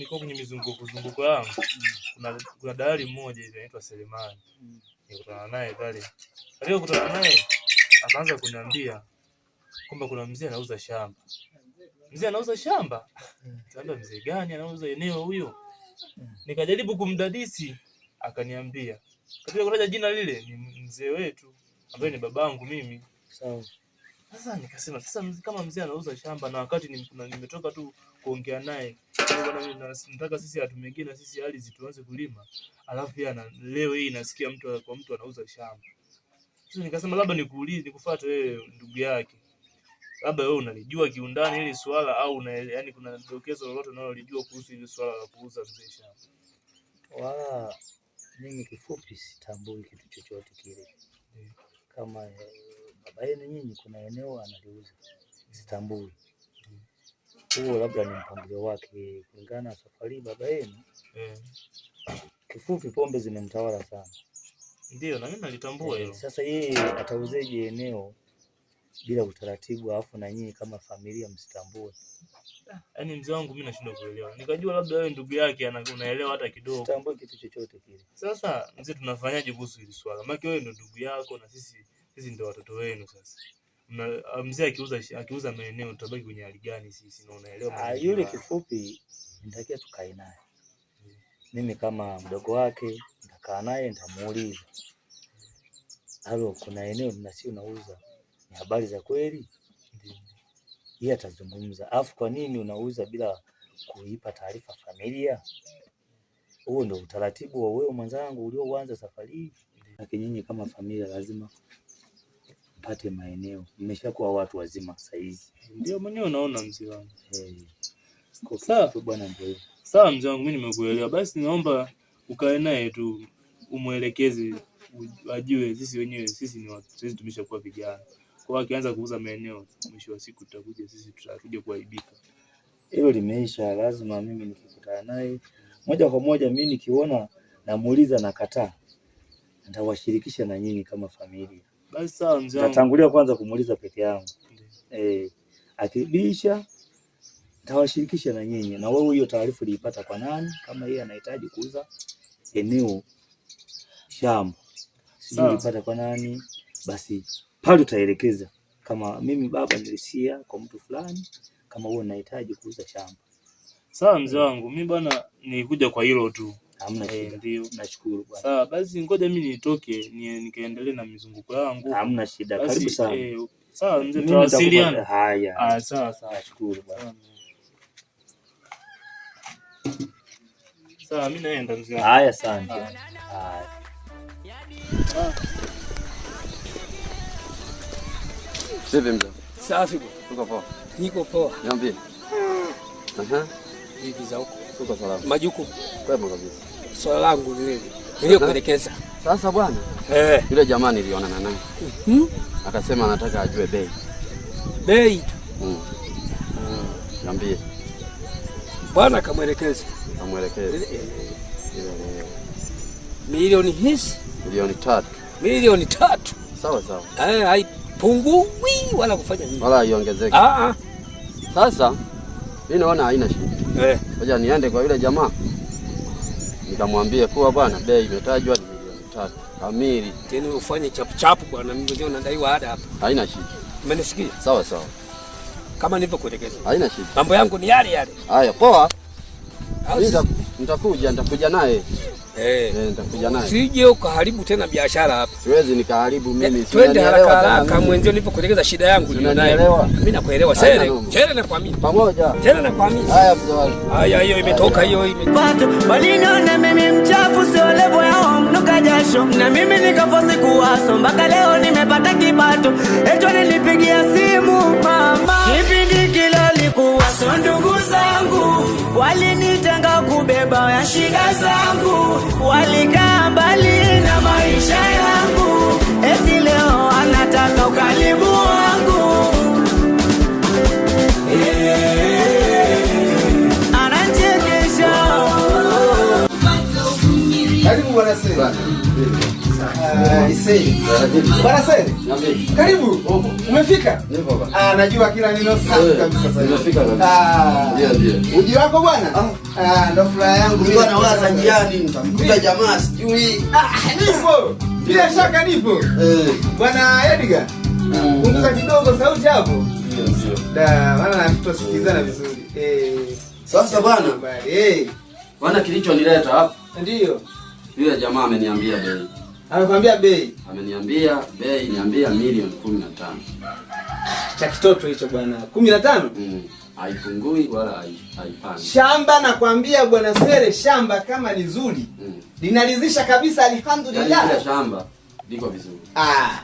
niko kwenye mizunguko zunguko yangu, kuna kuna dalali mmoja hivi anaitwa Selemani, nikutana naye pale. Alipokutana naye akaanza kuniambia kwamba kuna mzee anauza shamba, mzee anauza shamba. Kaambia mzee gani anauza eneo huyo? Nikajaribu kumdadisi, akaniambia katika kutaja jina lile, ni mzee wetu ambaye ni babangu mimi. Sawa. Sasa nikasema sasa, kama mzee anauza shamba na wakati nimetoka tu kuongea naye nataka sisi watu wengine na sisi hali zituanze kulima, alafu yeye leo hii nasikia mtu kwa mtu anauza shamba. Sasa nikasema labda nikuulize, nikufuate wewe ndugu yake, labda wewe unalijua kiundani hili swala au una, yani kuna dokezo lolote unalolijua kuhusu hili swala la kuuza mzee shamba? Wala mimi kifupi sitambui kitu chochote kile eh. kama eh, baba yenu nyinyi kuna eneo analiuza, sitambui huo labda ni mpangilio wake kulingana na safari baba yenu mm. Kifupi pombe zimemtawala sana, ndio na mimi nalitambua eh, hilo. Sasa yeye atauzeje eneo bila utaratibu, alafu na nyinyi kama familia msitambue? Yaani mzee wangu mimi nashindwa kuelewa, nikajua labda wewe ndugu yake unaelewa hata kidogo, Sitambui kitu chochote kile. Sasa mzee, tunafanyaje kuhusu hili swala? Maana wewe ndo ndugu yako na sisi, sisi ndo watoto wenu sasa Uh, mzee akiuza akiuza maeneo tutabaki kwenye hali gani sisi? Na unaelewa ah, yule, kifupi nitakia tukae naye Mimi kama mdogo wake nitakaa naye nitamuuliza, halo, kuna eneo na sio unauza, ni habari za kweli? Yeye atazungumza, afu kwa nini unauza bila kuipa taarifa familia? Huo ndio utaratibu wa wewe mwanzangu ulioanza safari hii, lakini nyinyi kama familia lazima mpate maeneo. Mmeshakuwa watu wazima sasa hivi, ndio mwenyewe unaona mzee wangu. Sawa eh. bwana, ndio sawa mzee wangu, mimi nimekuelewa. Basi naomba ukae naye tu umwelekeze, ajue sisi wenyewe sisi ni watu, sisi tumeshakuwa vijana kwa akianza kuuza maeneo, mwisho wa siku tutakuja sisi tutakuja kuaibika. Hilo limeisha. Lazima mimi nikikutana naye moja kwa moja, mimi nikiona namuuliza, nakataa, nitawashirikisha na nyinyi kama familia. Natangulia kwanza kumuuliza peke yangu eh, akibisha tawashirikisha na nyinyi. Na wewe hiyo taarifa uliipata kwa nani, kama yeye anahitaji kuuza eneo shamba uliipata kwa nani? Basi pale utaelekeza, kama mimi baba nilisia kwa mtu fulani, kama wewe unahitaji kuuza shamba. Sawa mzee eh. wangu, mimi bwana nilikuja kwa hilo tu. Hamna eh, shida. Eh, Ndio. Nashukuru bwana. Sawa, basi ngoja mimi nitoke nikaendelee na mizunguko yangu. Hamna shida. Karibu sana. Eh, sawa mzee, tutawasiliana. Haya. Ah, sawa sawa. Nashukuru bwana. Sawa, mimi naenda mzee. Haya, asante. Ah. Haya. Vipi mzee? Safi bwana. Uko poa? Niko poa. Niambie. Ah. Aha. Hivi za huko. Uko salama. Majuku. Kwema kabisa swala langu ni hili niliyokuelekeza. Sasa bwana, eh, yule jamaa nilionana naye mm -hmm. akasema anataka ajue bei bei tu mm. mm. Niambie bwana, kamwelekeza kamwelekeza eh, eh, eh. milioni hizi milioni tatu milioni tatu sawa sawa, eh, haipungui wala kufanya nini wala iongezeke. Ah ah, sasa mimi naona haina shida eh, ngoja niende kwa yule jamaa nikamwambia kuwa bwana, bei imetajwa ni milioni tatu kamili. Tena ufanye chapu chapu bwana, mimi ndio nadaiwa ada hapa. Haina shida. Umenisikia? Sawa sawa. Kama nilivyokuelekeza. Haina shida. Mambo yangu ni yale yale. Haya, poa. Nitakuja nitakuja naye. Eh. eh, nitakuja naye. Usije ukaharibu tena biashara hapa. Siwezi nikaharibu mimi. Eh, twende haraka haraka, mwenzio nilipokuelekeza shida yangu ndio naye. Mimi nakuelewa sere. Sere na kuamini. Pamoja. Sere na kuamini. Haya mzee wangu. Haya hiyo imetoka hiyo imepata. Bali niona mimi mchafu sio level home nuka jasho. Na mimi nikafosi kuwaso mpaka leo nimepata kipato. Echo nilipigia simu mama. Kipindi kila alikuwa so ndugu zangu walinitenga kubeba ya shida zangu, walikaa mbali na maisha yangu, eti leo anataka ukaribu wangu anachekesha. Karibu bwana Bwana karibu. Umefika? najua kila neno Uji wako bwana? Ah, ndo furaha yangu. Nilikuwa njiani nikamkuta jamaa sijui. nipo. Bila shaka nipo. Eh. Bwana Edgar. Punguza kidogo sauti hapo. Ndio ndio. Da, vizuri. Sasa bwana. Bwana kilichonileta hapa. Ndio. Yule jamaa ameniambia bei. Anakuambia bei? Ameniambia bei, niambia milioni kumi na tano. Ah, cha kitoto hicho bwana. kumi na tano? Mm. Haipungui wala haipandi. Shamba nakwambia bwana Sere, shamba kama ni zuri mm. linalizisha kabisa, alhamdulillah. Shamba liko vizuri. Ah.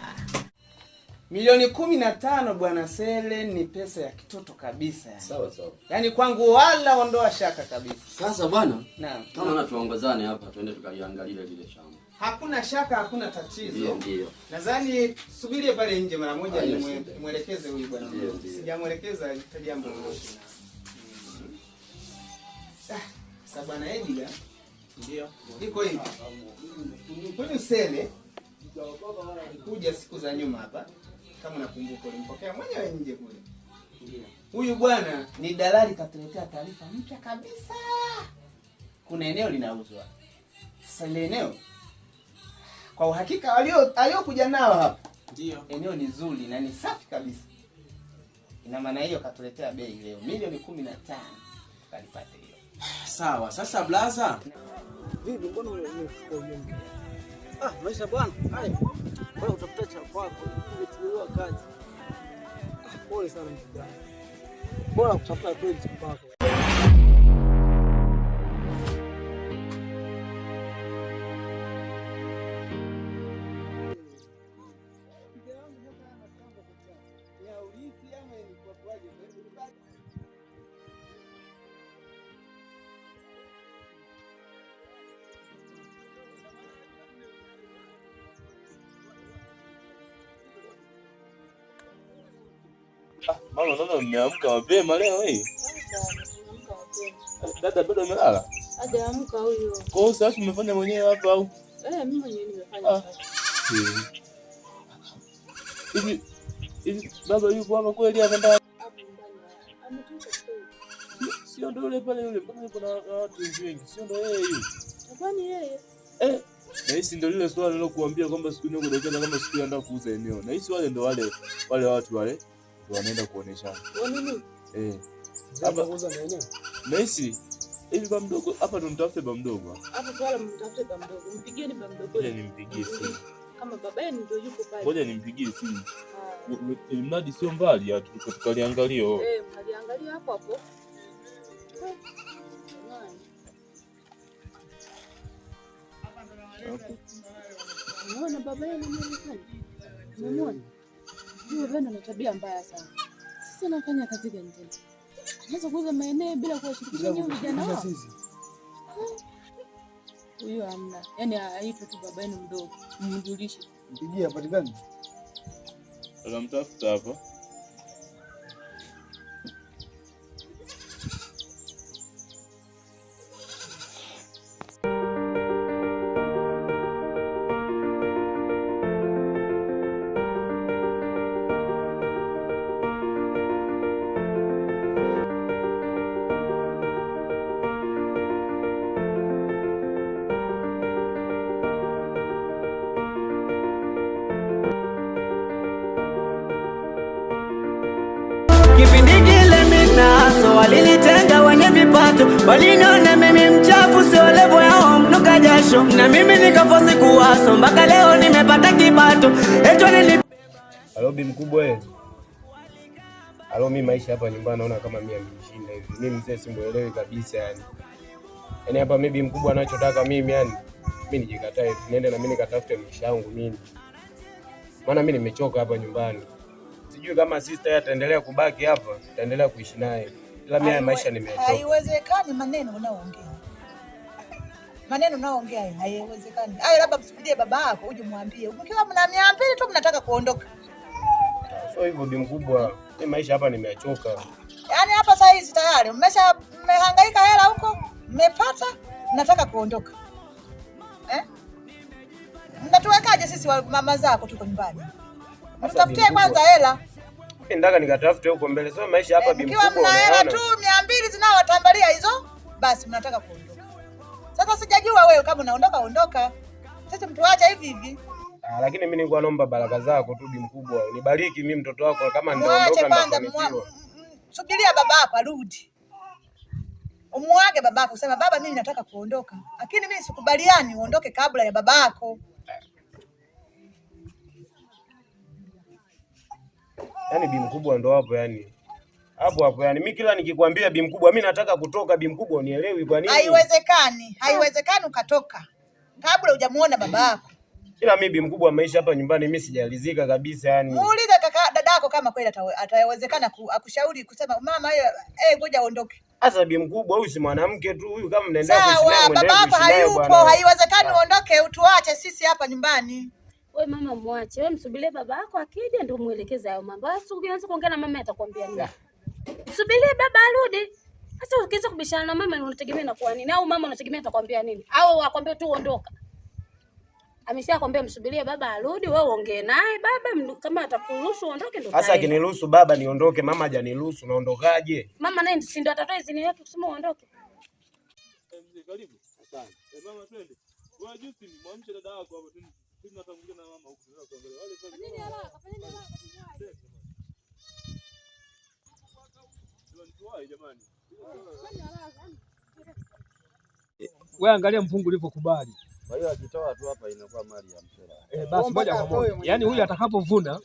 Milioni kumi na tano bwana Sele ni pesa ya kitoto kabisa yani. Sawa sawa. Yaani kwangu wala ondoa shaka kabisa. Sasa bwana, naam. Kama na tuongozane hapa tuende tukaliangalie lile shamba. Hakuna shaka, hakuna tatizo. Nadhani subiri pale nje mara moja, nimwelekeze huyu bwana. Sijamwelekeza hata jambo lolote. Ah, sasa bwana ndio iko hivi, huyu Sele kuja siku za nyuma hapa, kama nakumbuka, ulimpokea mwenyewe nje kule. Huyu bwana ni dalali, katuletea taarifa mpya kabisa, kuna eneo linauzwa. Sasa eneo kwa uhakika aliyokuja nao hapa ndio eneo ni zuri na ni safi kabisa. Ina maana hiyo katuletea bei leo milioni kumi na tano kalipate hiyo. Sawa, sasa blaza. Vipi mbona Ah, maisha bwana. Haya. Wewe utafuta cha kwako. tuliwa kazi. Ah, pole sana mtu Bora kutafuta kweli cha kwako. Mama, naona mmeamka mapema leo hii. Dada bado amelala? Hajaamka huyo. Kwa hiyo sasa umefanya mwenyewe hapa au? Eh, mimi mwenyewe nimefanya. Ah. Hivi hivi baba yupo hapa kweli hapa ndani? Sio ndio yule pale yule, mbona yuko na watu wengi? Sio ndio yeye yule? Kwani yeye? Eh, nahisi ndio lile swali nilokuambia kwamba siku ndio kama siku naenda kuuza eneo. Nahisi wale ndio wale wale watu wale wanaenda kuoneshana. Eh. Hapa kuuza maeneo. Messi, hivi ba mdogo hapa ndo mtafute ba mdogo. Hapa swala mtafute ba mdogo. Mpigieni ba mdogo. Ngoja nimpigie simu. Kama baba yenu ndio yuko pale. Ngoja nimpigie simu. Ah. Mradi sio mbali ya tukaliangalia. Oh. Eh, mkaliangalia hapo hapo. Eh. Unaona baba yenu ni nani? Unaona? Yule Vendo ana tabia mbaya sana. Sasa anafanya kazi gani tena? Anaweza kuuza maeneo bila kuwashirikisha nyinyi vijana wao. Huyo amna. Yaani aitwe tu baba yenu mdogo, mjulishe. Mpigie hapa gani? hapa. watu waliniona mimi mchafu, si walevo yao mnuka jasho, na mimi nikafosi kuwaso mpaka leo nimepata kipato eto nili alobi mkubwa eh. Alo, mi maisha hapa nyumbani naona kama mimi amenishinda hivi. Mi mzee simuelewi kabisa yani. Yaani hapa maybe mkubwa anachotaka mimi yani mimi nijikatae hivi niende na mimi nikatafute maisha yangu mimi. Maana mimi nimechoka hapa nyumbani. Sijui kama sister yeye ataendelea kubaki hapa, ataendelea kuishi naye lamia ya maisha nimetoka. Haiwezekani maneno unaoongea. Maneno unaoongea haiwezekani. Hayo labda msikudie baba yako uje mwambie. Mkiwa mna mia mbili tu mnataka kuondoka. So hivyo bi mkubwa, mimi maisha hapa nimeachoka. Yaani hapa saa hizi tayari mmesha mmehangaika hela huko, mmepata, mnataka kuondoka. Eh? Mtatuwekaje sisi wa mama zako tuko nyumbani? Mtafutie kwanza hela. Ndaka nikatafute huko mbele. So maisha hapa bibi eh, mkubwa. Mkiwa mna hela tu 200 zinawatambalia hizo, basi mnataka kuondoka. Sasa sijajua wewe kama unaondoka ondoka. Sasa mtu acha hivi hivi. Ah, lakini mimi nilikuwa naomba baraka zako tu bibi mkubwa. nibariki mimi mtoto wako kama ndaondoka. na kunifiwa. Subiria babako arudi. Umuage babako, sema baba, mimi nataka kuondoka. Lakini mimi sikubaliani uondoke kabla ya babako. yani bi mkubwa ndo hapo yani. Hapo hapo yani mimi kila nikikwambia bi mkubwa mimi nataka kutoka bi mkubwa unielewi kwa nini? Haiwezekani. Haiwezekani ukatoka. Kabla hujamuona baba yako. Ila mimi bi mkubwa maisha hapa nyumbani mimi sijalizika kabisa yani. Muulize kaka dadako kama kweli atawezekana akushauri kusema mama hiyo eh ngoja aondoke. Sasa bi mkubwa huyu si mwanamke tu huyu kama mnaendelea kuishi naye. Sawa, baba hayupo, haiwezekani ah. uondoke utuache sisi hapa nyumbani. We mama mwache, wewe msubirie baba yako akija ndio muelekeze hayo mambo. Sasa Ukianza kuongea na mama atakwambia nini? Subirie baba arudi. Sasa ukianza kubishana na mama unategemea inakuwa nini? Au mama unategemea atakwambia nini? Au akwambia tu ondoka. Ameshakwambia msubirie baba arudi, wewe ongee naye baba, kama atakuruhusu uondoke ndio. Sasa akiniruhusu baba niondoke, mama hajaniruhusu, naondokaje? Mama naye si ndio atatoa idhini yake kusema uondoke. Eh, karibu. Asante. Eh, mama twende. Wewe juzi mwamshe dada yako hapo twende. Wewe angalia mpungu ulivyokubali. Kwa hiyo akitoa tu hapa inakuwa mali ya mshera. Eh, basi moja kwa moja. Yaani huyu atakapovuna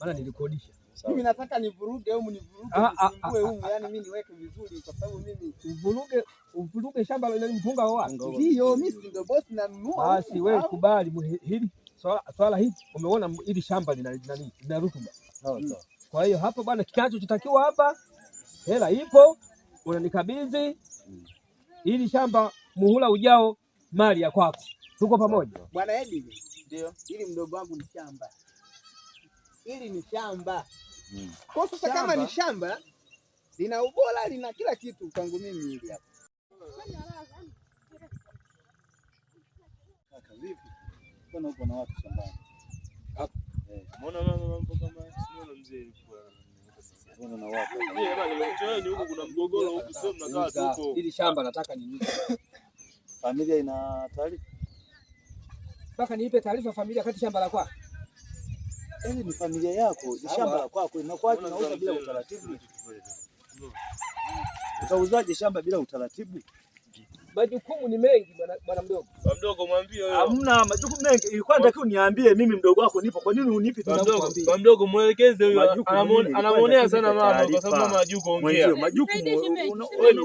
maana nilikodisha mimi nataka nivuruge au mnivuruge, nisimbue humu, ah, ah, ah, yani mimi niweke vizuri kwa sababu mimi uvuruge uvuruge shamba la mpunga wao. Ndio, mimi si ndio boss na nunua. Basi wewe kubali hili swala swala hili, umeona hili shamba lina nani Lina rutuba. Sawa mm. sawa. Kwa hiyo hapo bwana, kikacho kitakiwa hapa, hela ipo, unanikabidhi mm. hili shamba, muhula ujao mali ya kwako. Tuko pamoja bwana Edi? Ndio, hili mdogo wangu ni shamba, hili ni shamba Mm. Kwa sasa kama ni shamba lina ubora lina kila kitu kwangu mimi hili hapa. Kaka vipi? uko na watu shambani? Hapo. Eh. Mbona mama mambo kama mzee Mbona na watu? huko kuna mgogoro huko sio mnakaa huko. Hili shamba nataka nini? Familia ina taarifa. Mpaka niipe taarifa familia kati shamba la kwako. Hili yaani ni familia yako, ni shamba la kwako, inakuwaje unauza bila utaratibu? Utauzaje shamba bila utaratibu? Majukumu ni mengi bwana mdogo. Bwana mdogo mwambie wewe. Hamna majukumu mengi. Ilikuwa nataka uniambie mimi mdogo wako nipo. Kwa nini unipi? Bwana mdogo, bwana mdogo mwelekeze huyo. Anamuonea sana mama kwa sababu mama hajui kuongea. Majukumu wewe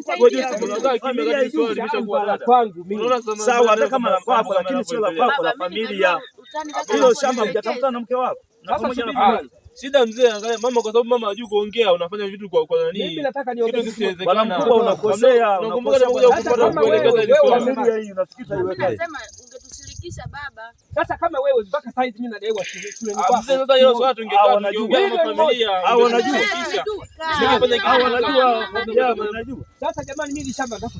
sawa hata kama la kwako lakini sio la kwako la familia. Hilo shamba hujatafuta na mke wako? Shida mzee, angalia mama, kwa sababu mama hajui kuongea, unafanya vitu kwa kwa nani? Mimi nataka niongee kitu Bwana mkubwa, unakosea, unakumbuka kuja kupata kuelekeza ile swali. Mimi hii nasikita kai. Nasema ungetushirikisha baba. Sasa kama wewe mpaka saizi mimi nadaiwa shule ni ah, kwa. Mzee, sasa hiyo swali tungekaa tukiongea kama familia. Hao wanajua. Sasa jamani, mimi nishamba sasa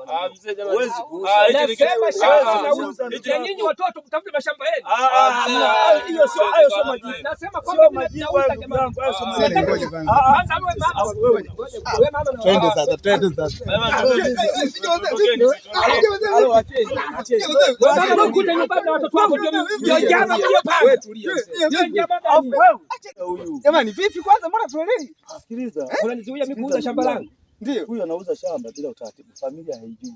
Nasema shamba zinauza na nyinyi watoto mtafute mashamba yenu. Jamani, vipi kwanza, mbona tuelewi? Ah, sikiliza, unanizuia mimi kuuza shamba langu ndio. Huyu anauza shamba bila utaratibu, familia haijui.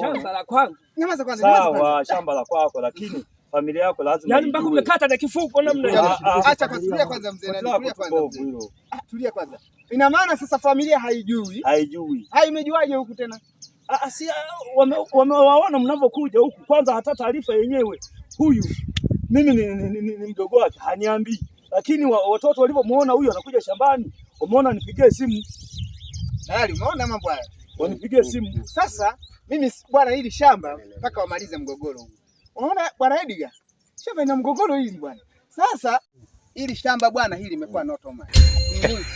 Shamba la kwangu. Nyamaza kwanza, nyamaza kwanza. Shamba la kwako lakini familia yako lazima. Yaani mpaka umekata na kifuko namna. Acha kwa kusikia kwanza mzee na kulia kwanza. Ah, tulia kwanza. Ina maana sasa familia haijui. Haijui. Hai imejuaje huku tena? Ah, ah si ah, wamewaona mnapokuja huku kwanza hata taarifa yenyewe. Huyu mimi ni mdogo wake haniambii. Lakini watoto walivyomuona huyu anakuja shambani, wameona nipigie simu tayari. Umeona mambo haya, wanipigie simu sasa. Mimi bwana, hili shamba mpaka wamalize mgogoro huu. Unaona bwana Edgar, shamba ina mgogoro hili bwana. Sasa hili shamba bwana, hili limekuwa noto mali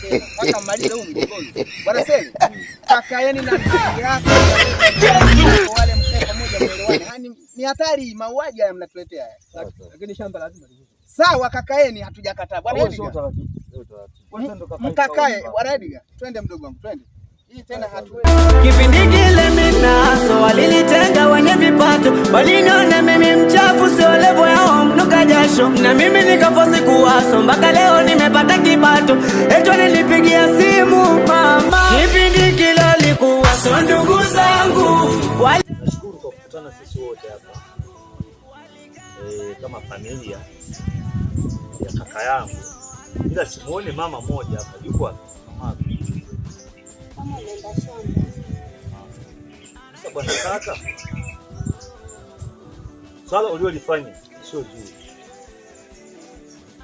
eh, mpaka wamalize huu mgogoro bwana. Sasa kaka yani na ndugu yako wale mkeo pamoja mwelewane, yani ni hatari, mauaji haya mnatuletea haya, lakini shamba lazima sawa. Kakaeni hatujakataa bwana Edgar, mkakae bwana Edgar, twende mdogo wangu, twende Kipindi kile minaso walilitenga wenye vipato, bali nione mimi mchafu, sio levo yao mnuka jasho, na mimi nikafosi kuwaso mpaka leo nimepata kipato, echo nilipigia simu mama. Kipindi kile likuwaso, ndugu zangu eh, kama familia ya kaka yangu, ila simuone mama moja hapa, yuko wapi? kama unaenda shamba. Sasa bwana kaka, swala uliolifanya sio zuri.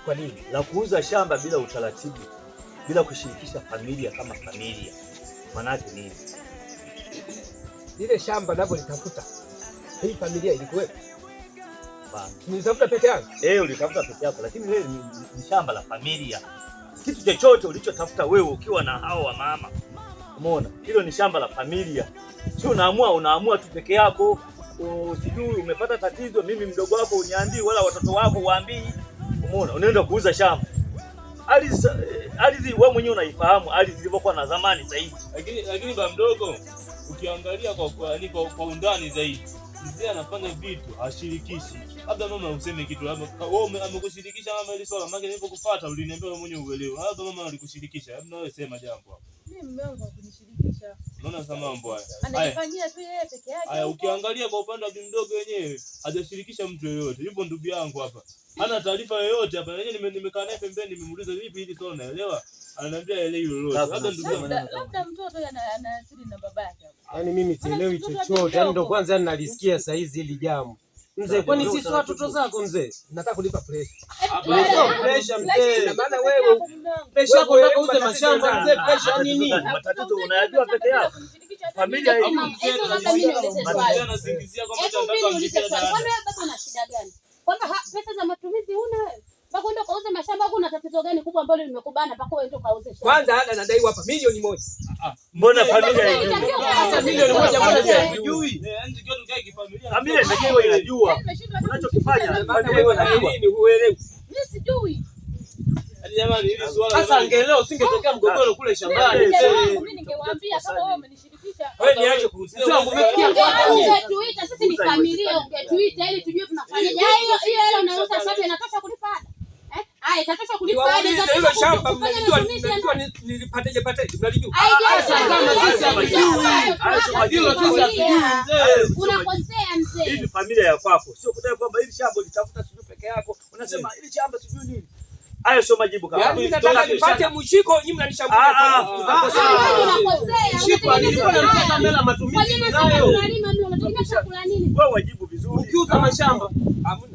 Kwa nini? La kuuza shamba bila utaratibu, bila kushirikisha familia kama familia, maanake nini? Lile shamba navyo litafuta hii familia ilikuwepo Nilitafuta peke yangu. Eh, ulitafuta peke yako lakini leo ni shamba la familia. Kitu chochote ulichotafuta wewe ukiwa na hao wa mama Umeona, hilo ni shamba la familia, sio unaamua unaamua tu peke yako. Sijui umepata tatizo, mimi mdogo wako uniambii, wala watoto wako waambii. Umeona, unaenda kuuza shamba ardhi wewe mwenyewe unaifahamu ardhi ilivyokuwa na zamani zaidi. Lakini lakini ba mdogo, ukiangalia kwa kwa, kwa, kwa undani zaidi, mzee anafanya vitu ashirikishi. Labda mama useme kitu, labda wewe amekushirikisha mama ile swala, maana nilipokufuata uliniambia wewe mwenyewe uelewe, labda mama alikushirikisha, labda wewe sema jambo hapo haya. ukiangalia kwa upande wa bimdogo wenyewe hajashirikisha mtu yoyote. Yupo ndugu yangu hapa, hana taarifa yoyote hapa. Yeye nimekaa naye pembeni, nimemuuliza vipi hili swala, naelewa ananiambia elewi lolote. Labda mtoto ana na babake. Yaani mimi sielewi chochote, yaani ndo kwanza nalisikia saa hizi hili jambo Mzee, kwani sisi watoto zako mzee? Nataka kulipa pressure. Sio pressure mzee. Na Maana wewe pressure yako unataka uze mashamba mzee, pressure nini? Matatizo unayajua peke yako. Familia hii mzee anasingizia kwamba anataka mzee. Kwani baba kuna shida gani? Kwamba pesa za matumizi una wewe? Pakwenda kauze mashamba kuna tatizo gani kubwa ambalo limekubana mpaka uende kauze shamba? Kwanza ada nadaiwa hapa milioni moja. Ah, mbona eh, familia hii? Eh, eh, sasa milioni moja mbona yaani sijui? Familia ndio inajua. Unachokifanya familia hiyo inajua. Mimi huelewi. Mimi sijui. Jamani, hili swala sasa, angeleo usingetokea mgogoro kule shambani. Mimi ningewaambia kama wewe umenishirikisha. Wewe Sasa kwa Ungetuita sisi ni familia, ungetuita ili tujue tunafanyaje. Hiyo hiyo unauza sasa, inatosha kulipa ada. Unakosea mzee. ni familia ya kwako, sio kudai kwamba hili shamba litafuta sijui peke yako. Unasema hili shamba sijui nini. Hayo sio majibu kaka. Yaani Mimi nataka nipate mshiko, nyinyi mnanishambulia. Ah, ah, ah tunakosea. Mshiko alinipa mbele matumizi nayo. Wewe wajibu vizuri. Ukiuza ah. mashamba. Hamna.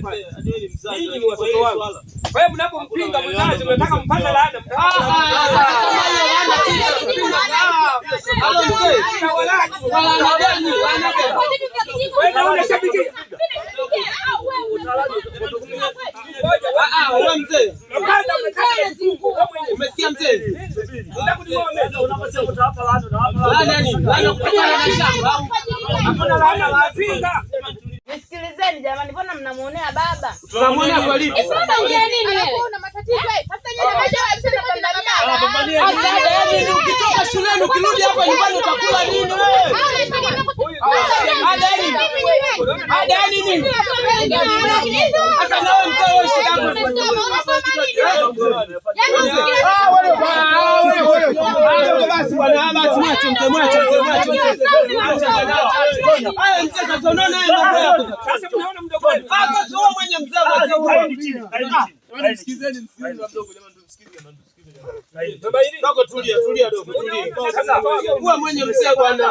moja pale. Ninyi ni watoto wangu. Kwa hiyo mnapompinga mzazi mnataka mpate laana. Umesikia mzee? Laana ni laana kutokana na shamba au? Hakuna laana lazima nisikilizeni jamani, mbona mnamuonea baba? Tunamuonea kwa lipi? Sasa unajua nini wewe? Una matatizo wewe. Sasa yeye ukitoka shuleni ukirudi hapa nyumbani utakula nini wewe? Ada nini? Sasa na wewe mtoe wewe shida yako. Yaani usikilize. Ah, wewe wewe. Ah, basi bwana, mwache, mzee mwache, mzee mwache. Haya mzee, sasa unaona haya mambo yako. Sasa unaona mdogo sio mwenye mzee wa ah, mdogo jamani, jamani. mwenye mzee bwana.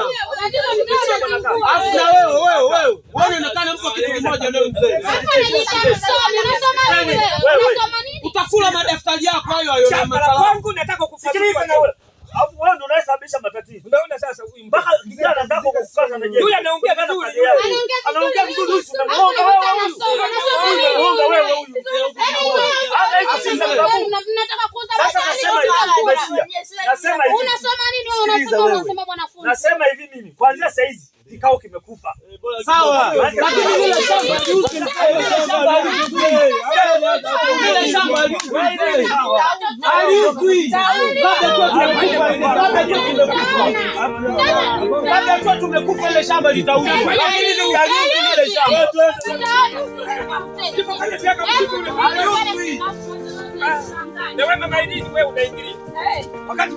Afu na wewe, wewe, wewe. Wewe unaonekana mko kitu kimoja leo mzee. Yaani, madaftari yako hayo hayo na Kwangu nataka Alafu wewe ndio unayesababisha matatizo. Unaona sasa huyu mpaka kijana anataka kukaza na yeye. Yule anaongea kaza kazi yake. Anaongea vizuri huyu. Unamuonga wewe huyu. Unamuonga wewe huyu. Hata hizo si sasa nasema hivi. Nasema hivi. Unasoma nini wewe? Unasoma unasema mwanafunzi. Nasema hivi mimi. Kuanzia saizi sawa, lakini lile shamba liuzwe, lile shamba haliuzwi. Labda tu tumekufa, lile shamba litauzwa, lile shamba haliuzwi. Wakati